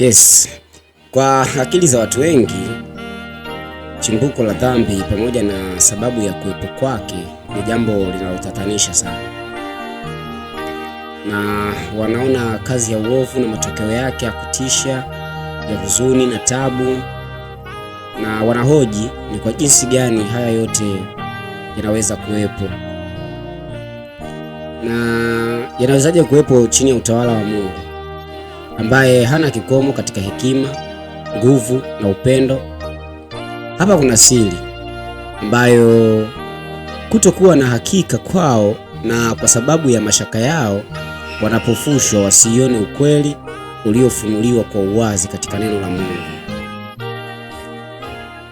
Yes. Kwa akili za watu wengi, chimbuko la dhambi pamoja na sababu ya kuwepo kwake ni jambo linalotatanisha sana, na wanaona kazi ya uovu na matokeo yake ya kutisha ya huzuni na tabu, na wanahoji ni kwa jinsi gani haya yote yanaweza kuwepo na yanawezaje kuwepo chini ya utawala wa Mungu ambaye hana kikomo katika hekima, nguvu na upendo. Hapa kuna siri ambayo kutokuwa na hakika kwao na kwa sababu ya mashaka yao wanapofushwa wasione ukweli uliofunuliwa kwa uwazi katika neno la Mungu.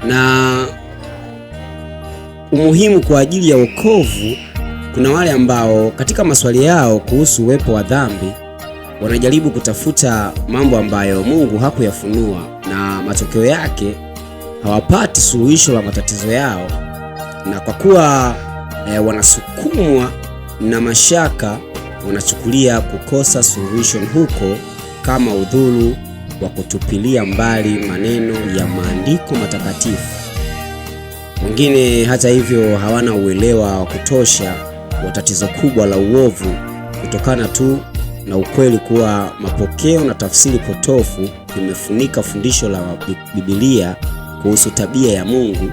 Na umuhimu kwa ajili ya wokovu, kuna wale ambao katika maswali yao kuhusu uwepo wa dhambi wanajaribu kutafuta mambo ambayo Mungu hakuyafunua na matokeo yake hawapati suluhisho la matatizo yao, na kwa kuwa e, wanasukumwa na mashaka, wanachukulia kukosa suluhisho huko kama udhuru wa kutupilia mbali maneno ya maandiko matakatifu. Wengine hata hivyo hawana uelewa wa kutosha wa tatizo kubwa la uovu kutokana tu na ukweli kuwa mapokeo na tafsiri potofu imefunika fundisho la Biblia kuhusu tabia ya Mungu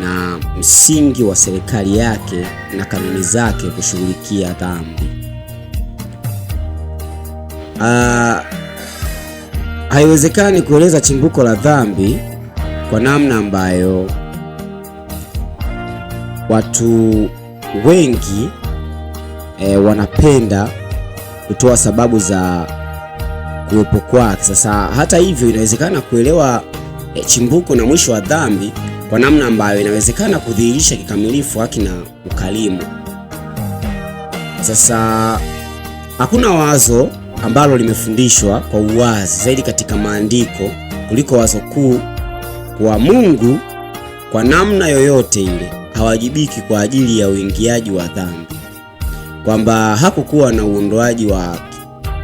na msingi wa serikali yake na kanuni zake kushughulikia dhambi. Ah, haiwezekani kueleza chimbuko la dhambi kwa namna ambayo watu wengi e, wanapenda kutoa sababu za kuwepo kwake. Sasa hata hivyo, inawezekana kuelewa e, chimbuko na mwisho wa dhambi kwa namna ambayo inawezekana kudhihirisha kikamilifu haki na ukarimu. Sasa hakuna wazo ambalo limefundishwa kwa uwazi zaidi katika maandiko kuliko wazo kuu kwa Mungu kwa namna yoyote ile hawajibiki kwa ajili ya uingiaji wa dhambi kwamba hakukuwa na uondoaji wa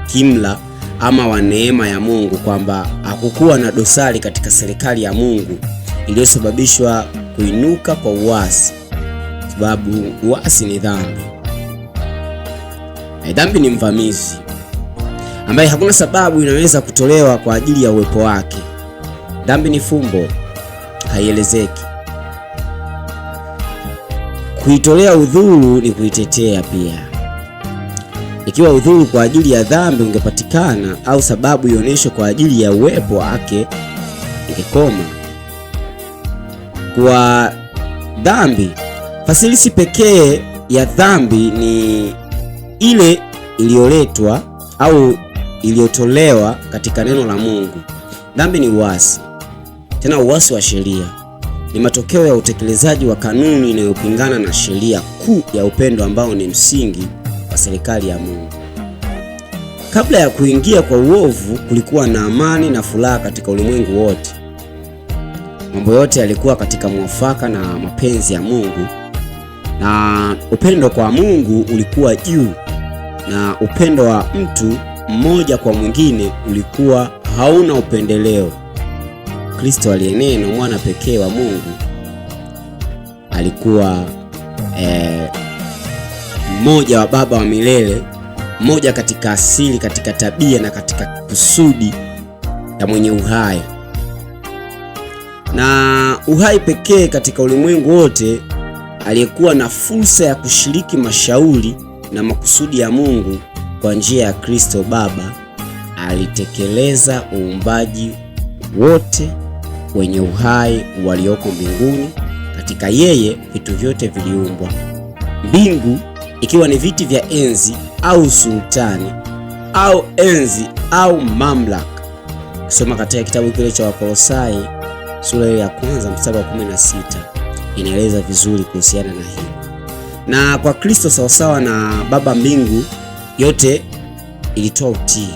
kimla ama wa neema ya Mungu, kwamba hakukuwa na dosari katika serikali ya Mungu iliyosababishwa kuinuka kwa uasi, sababu uasi ni dhambi E, dhambi ni mvamizi ambaye hakuna sababu inaweza kutolewa kwa ajili ya uwepo wake. Dhambi ni fumbo, haielezeki. Kuitolea udhuru ni kuitetea pia. Ikiwa udhuru kwa ajili ya dhambi ungepatikana au sababu ionyeshwe kwa ajili ya uwepo wake, ingekoma. Kwa dhambi, fasilisi pekee ya dhambi ni ile iliyoletwa au iliyotolewa katika neno la Mungu. Dhambi ni uasi, tena uasi wa sheria ni matokeo ya utekelezaji wa kanuni inayopingana na sheria kuu ya upendo ambao ni msingi serikali ya Mungu. Kabla ya kuingia kwa uovu, kulikuwa na amani na furaha katika ulimwengu wote. Mambo yote yalikuwa katika mwafaka na mapenzi ya Mungu, na upendo kwa Mungu ulikuwa juu, na upendo wa mtu mmoja kwa mwingine ulikuwa hauna upendeleo. Kristo aliye mwana pekee wa Mungu, alikuwa eh, mmoja wa baba wa milele, mmoja katika asili, katika tabia na katika kusudi ya mwenye uhai. Na uhai pekee katika ulimwengu wote aliyekuwa na fursa ya kushiriki mashauri na makusudi ya Mungu kwa njia ya Kristo Baba alitekeleza uumbaji wote wenye uhai walioko mbinguni. Katika yeye vitu vyote viliumbwa, mbingu ikiwa ni viti vya enzi au sultani au enzi au mamlaka. Kusoma katika kitabu kile cha Wakolosai sura ya kwanza mstari wa 16 inaeleza vizuri kuhusiana na hili. Na kwa Kristo sawasawa na Baba mbingu yote ilitoa utii.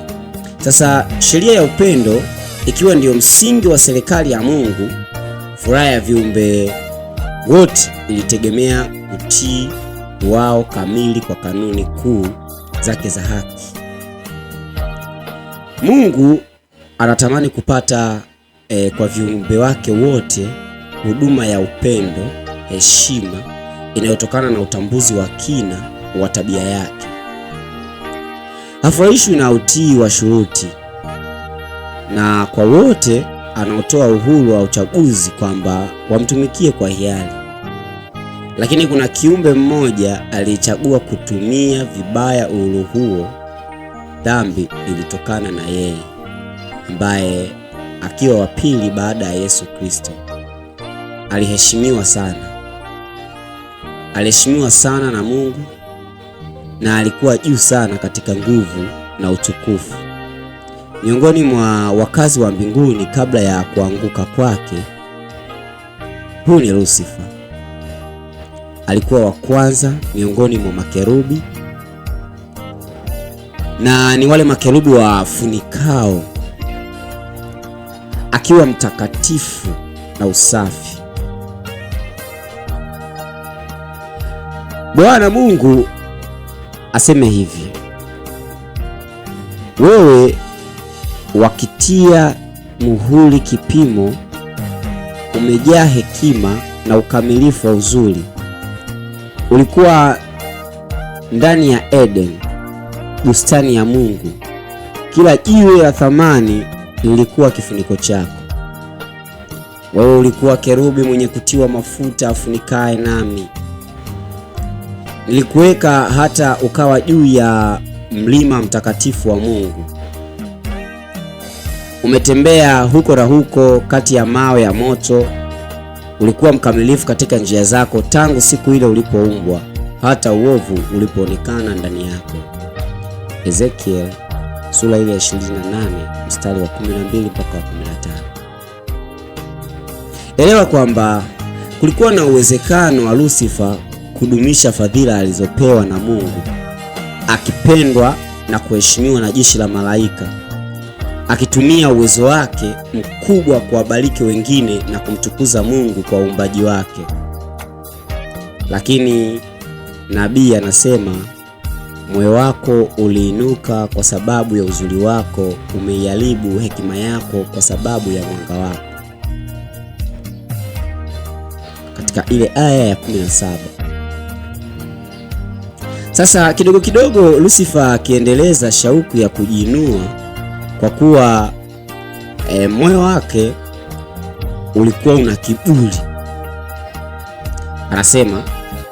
Sasa sheria ya upendo ikiwa ndiyo msingi wa serikali ya Mungu, furaha ya viumbe wote ilitegemea utii wao kamili kwa kanuni kuu zake za haki. Mungu anatamani kupata e, kwa viumbe wake wote huduma ya upendo, heshima inayotokana na utambuzi wa kina wa tabia yake. Hafurahishwi na utii wa shuruti, na kwa wote anaotoa uhuru wa uchaguzi kwamba wamtumikie kwa hiari lakini kuna kiumbe mmoja alichagua kutumia vibaya uhuru huo. Dhambi ilitokana na yeye, ambaye akiwa wa pili baada ya Yesu Kristo aliheshimiwa sana, aliheshimiwa sana na Mungu na alikuwa juu sana katika nguvu na utukufu miongoni mwa wakazi wa mbinguni kabla ya kuanguka kwake. Huyu ni Lucifer alikuwa wa kwanza miongoni mwa makerubi na ni wale makerubi wa funikao akiwa mtakatifu na usafi. Bwana Mungu aseme hivi, wewe wakitia muhuri kipimo, umejaa hekima na ukamilifu wa uzuri Ulikuwa ndani ya Eden, bustani ya Mungu. Kila jiwe la thamani lilikuwa kifuniko chako. Wewe ulikuwa kerubi mwenye kutiwa mafuta afunikaye nami. Nilikuweka hata ukawa juu ya mlima mtakatifu wa Mungu. Umetembea huko na huko kati ya mawe ya moto Ulikuwa mkamilifu katika njia zako tangu siku ile ulipoumbwa, hata uovu ulipoonekana ndani yako. Ezekiel sura ile ya 28 mstari wa 12 mpaka 15. Elewa kwamba kulikuwa na uwezekano wa Lucifer kudumisha fadhila alizopewa na Mungu, akipendwa na kuheshimiwa na jeshi la malaika akitumia uwezo wake mkubwa kuwabariki wengine na kumtukuza Mungu kwa uumbaji wake. Lakini nabii anasema, moyo wako uliinuka kwa sababu ya uzuri wako, umeiharibu hekima yako kwa sababu ya mwanga wako. Katika ile aya ya 17. Sasa kidogo kidogo Lucifer akiendeleza shauku ya kujiinua kwa kuwa e, moyo wake ulikuwa una kiburi. Anasema,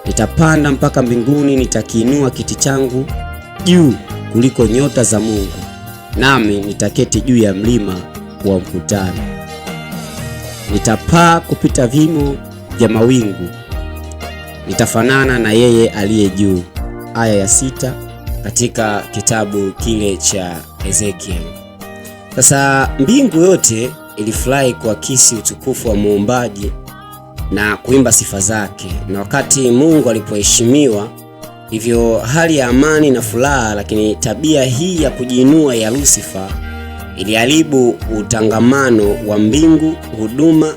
nitapanda mpaka mbinguni, nitakiinua kiti changu juu kuliko nyota za Mungu, nami nitaketi juu ya mlima wa mkutano, nitapaa kupita vimo vya mawingu, nitafanana na yeye aliye juu. Aya ya sita katika kitabu kile cha Ezekiel. Sasa mbingu yote ilifurahi kuakisi utukufu wa muumbaji na kuimba sifa zake, na wakati Mungu alipoheshimiwa hivyo, hali ya amani na furaha. Lakini tabia hii ya kujiinua ya Lusifa iliharibu utangamano wa mbingu, huduma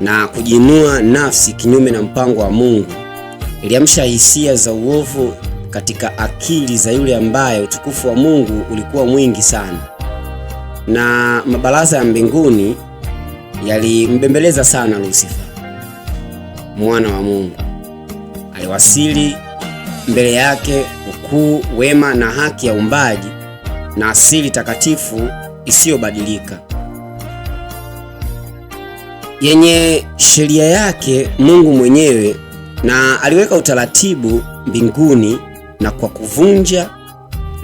na kujiinua nafsi kinyume na mpango wa Mungu. Iliamsha hisia za uovu katika akili za yule ambaye utukufu wa Mungu ulikuwa mwingi sana na mabaraza ya mbinguni yalimbembeleza sana Lusifa, mwana wa Mungu. Aliwasili mbele yake ukuu, wema na haki ya umbaji na asili takatifu isiyobadilika yenye sheria yake Mungu mwenyewe, na aliweka utaratibu mbinguni na kwa kuvunja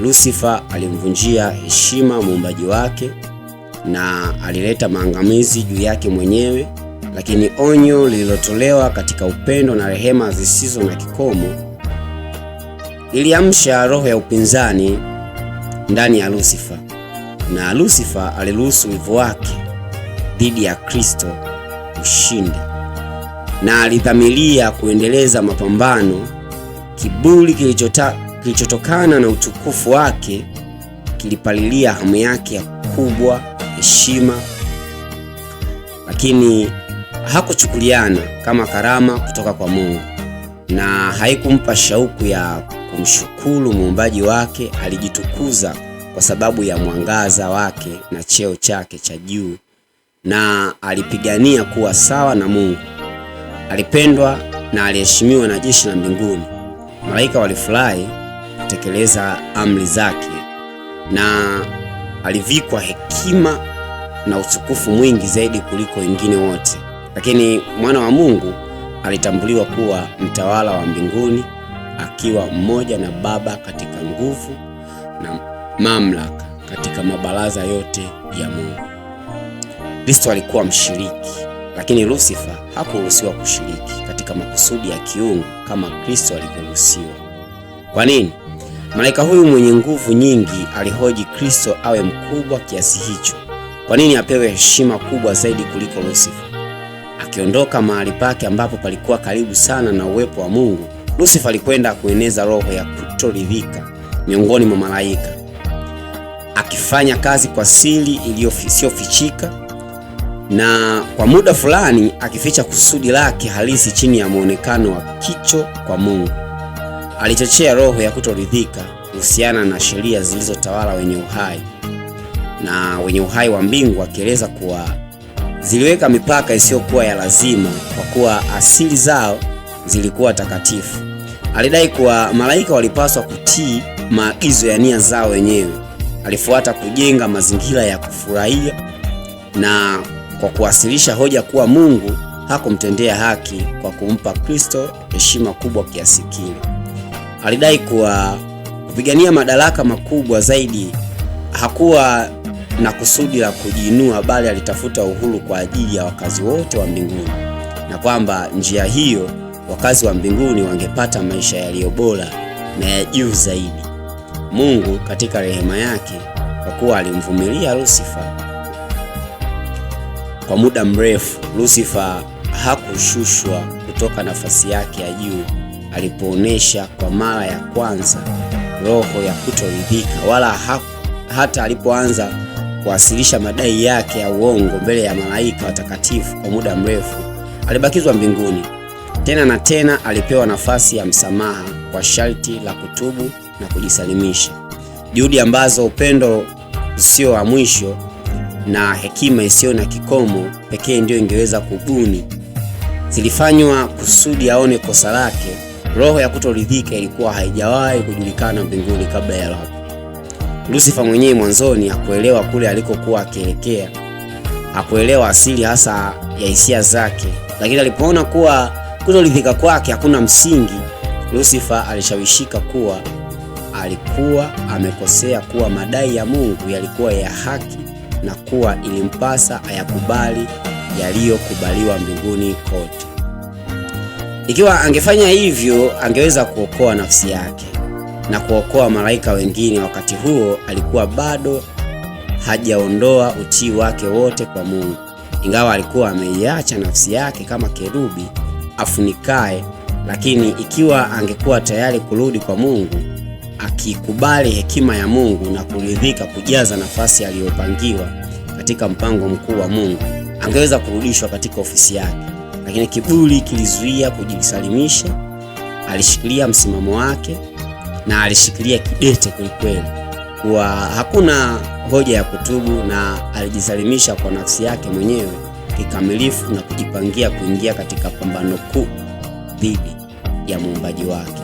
Lucifer alimvunjia heshima muumbaji wake na alileta maangamizi juu yake mwenyewe, lakini onyo lililotolewa katika upendo na rehema zisizo na kikomo iliamsha roho ya upinzani ndani ya Lucifer, na Lucifer aliruhusu wivu wake dhidi ya Kristo ushindi, na alidhamiria kuendeleza mapambano kiburi kilichotaka kilichotokana na utukufu wake kilipalilia hamu yake ya kubwa heshima, lakini hakuchukuliana kama karama kutoka kwa Mungu na haikumpa shauku ya kumshukuru muumbaji wake. Alijitukuza kwa sababu ya mwangaza wake na cheo chake cha juu, na alipigania kuwa sawa na Mungu. Alipendwa na aliheshimiwa na jeshi la mbinguni. Malaika walifurahi kutekeleza amri zake, na alivikwa hekima na utukufu mwingi zaidi kuliko wengine wote. Lakini mwana wa Mungu alitambuliwa kuwa mtawala wa mbinguni, akiwa mmoja na Baba katika nguvu na mamlaka katika mabaraza yote ya Mungu. Kristo alikuwa mshiriki, lakini Lusifa hakuruhusiwa kushiriki katika makusudi ya kiungu kama Kristo alivyoruhusiwa. Kwa nini? Malaika huyu mwenye nguvu nyingi alihoji Kristo awe mkubwa kiasi hicho, kwa nini apewe heshima kubwa zaidi kuliko Lusifa? Akiondoka mahali pake ambapo palikuwa karibu sana na uwepo wa Mungu, Lusifa alikwenda kueneza roho ya kutoridhika miongoni mwa malaika, akifanya kazi kwa siri iliyofichika na kwa muda fulani akificha kusudi lake halisi chini ya muonekano wa kicho kwa Mungu. Alichochea roho ya kutoridhika kuhusiana na sheria zilizotawala wenye uhai na wenye uhai wa mbingu, akieleza kuwa ziliweka mipaka isiyokuwa ya lazima kwa kuwa asili zao zilikuwa takatifu. Alidai kuwa malaika walipaswa kutii maagizo ya nia zao wenyewe. Alifuata kujenga mazingira ya kufurahia na kwa kuwasilisha hoja kuwa Mungu hakumtendea haki kwa kumpa Kristo heshima kubwa kiasi kile alidai kuwa kupigania madaraka makubwa zaidi hakuwa na kusudi la kujiinua, bali alitafuta uhuru kwa ajili ya wakazi wote wa mbinguni, na kwamba njia hiyo wakazi wa mbinguni wangepata maisha yaliyo bora na ya juu zaidi. Mungu katika rehema yake, kwa kuwa alimvumilia Lusifa kwa muda mrefu, Lusifa hakushushwa kutoka nafasi yake ya juu alipoonesha kwa mara ya kwanza roho ya kutoridhika, wala ha hata alipoanza kuwasilisha madai yake ya uongo mbele ya malaika watakatifu kwa muda mrefu, alibakizwa mbinguni. Tena na tena alipewa nafasi ya msamaha kwa sharti la kutubu na kujisalimisha, juhudi ambazo upendo usio wa mwisho na hekima isiyo na kikomo pekee ndiyo ingeweza kubuni, zilifanywa kusudi aone kosa lake Roho ya kutoridhika ilikuwa haijawahi kujulikana mbinguni kabla ya lapo. Lucifer mwenyewe mwanzoni hakuelewa kule alikokuwa akielekea, hakuelewa asili hasa ya hisia zake, lakini alipoona kuwa kutoridhika kwake hakuna msingi, Lucifer alishawishika kuwa alikuwa amekosea, kuwa madai ya Mungu yalikuwa ya haki na kuwa ilimpasa ayakubali yaliyokubaliwa mbinguni kote. Ikiwa angefanya hivyo, angeweza kuokoa nafsi yake na kuokoa malaika wengine. Wakati huo alikuwa bado hajaondoa utii wake wote kwa Mungu, ingawa alikuwa ameiacha nafsi yake kama kerubi afunikae. Lakini ikiwa angekuwa tayari kurudi kwa Mungu, akikubali hekima ya Mungu na kuridhika kujaza nafasi aliyopangiwa katika mpango mkuu wa Mungu, angeweza kurudishwa katika ofisi yake lakini kivuli kilizuia kujisalimisha. Alishikilia msimamo wake na alishikilia kidete kwelikweli, kuwa hakuna hoja ya kutubu, na alijisalimisha kwa nafsi yake mwenyewe kikamilifu na kujipangia kuingia katika pambano kuu dhidi ya muumbaji wake.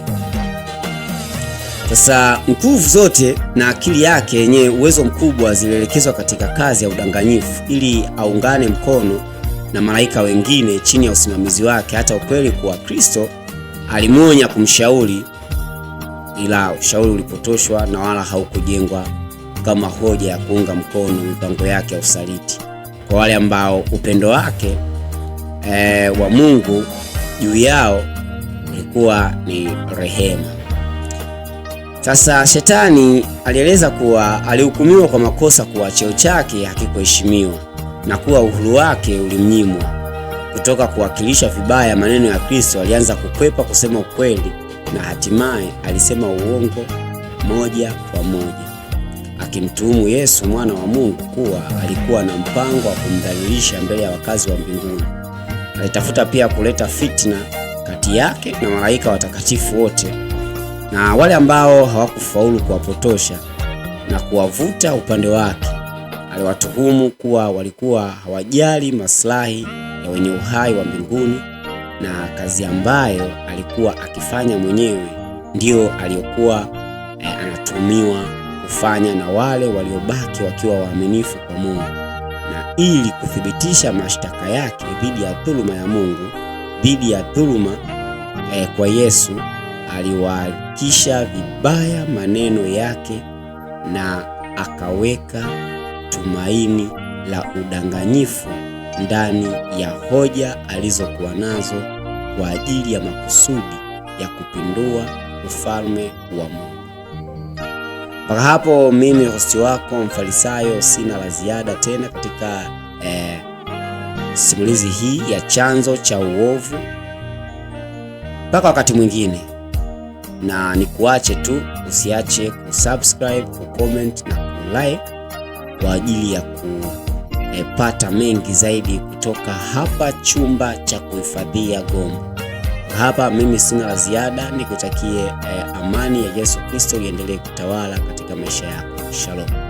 Sasa nguvu zote na akili yake yenye uwezo mkubwa zilielekezwa katika kazi ya udanganyifu ili aungane mkono na malaika wengine chini ya usimamizi wake. Hata ukweli kuwa Kristo alimwonya, kumshauri, ila ushauri ulipotoshwa na wala haukujengwa kama hoja ya kuunga mkono mipango yake ya usaliti kwa wale ambao upendo wake e, wa Mungu juu yao ilikuwa ni rehema. Sasa shetani alieleza kuwa alihukumiwa kwa makosa kuwa cheo chake hakikuheshimiwa na kuwa uhuru wake ulimnyimwa. Kutoka kuwakilisha vibaya maneno ya Kristo, alianza kukwepa kusema ukweli na hatimaye alisema uongo moja kwa moja, akimtuhumu Yesu mwana wa Mungu kuwa alikuwa na mpango wa kumdhalilisha mbele ya wakazi wa mbinguni. Alitafuta pia kuleta fitna kati yake na malaika watakatifu wote na wale ambao hawakufaulu kuwapotosha na kuwavuta upande wake aliwatuhumu kuwa walikuwa hawajali maslahi ya wenye uhai wa mbinguni na kazi ambayo alikuwa akifanya mwenyewe ndiyo aliyokuwa e, eh, anatumiwa kufanya na wale waliobaki wakiwa waaminifu kwa Mungu. Na ili kuthibitisha mashtaka yake dhidi ya dhuluma ya Mungu, dhidi ya dhuluma e, kwa Yesu, aliwaakisha vibaya maneno yake na akaweka tumaini la udanganyifu ndani ya hoja alizokuwa nazo kwa ajili ya makusudi ya kupindua ufalme wa Mungu. Mpaka hapo mimi hosti wako Mfarisayo sina la ziada tena katika eh, simulizi hii ya chanzo cha uovu. Mpaka wakati mwingine, na nikuache tu, usiache kusubscribe, kucomment na kulike kwa ajili ya kupata mengi zaidi kutoka hapa chumba cha kuhifadhia gombo. Hapa mimi sina la ziada, nikutakie eh, amani ya Yesu Kristo iendelee kutawala katika maisha yako. Shalom.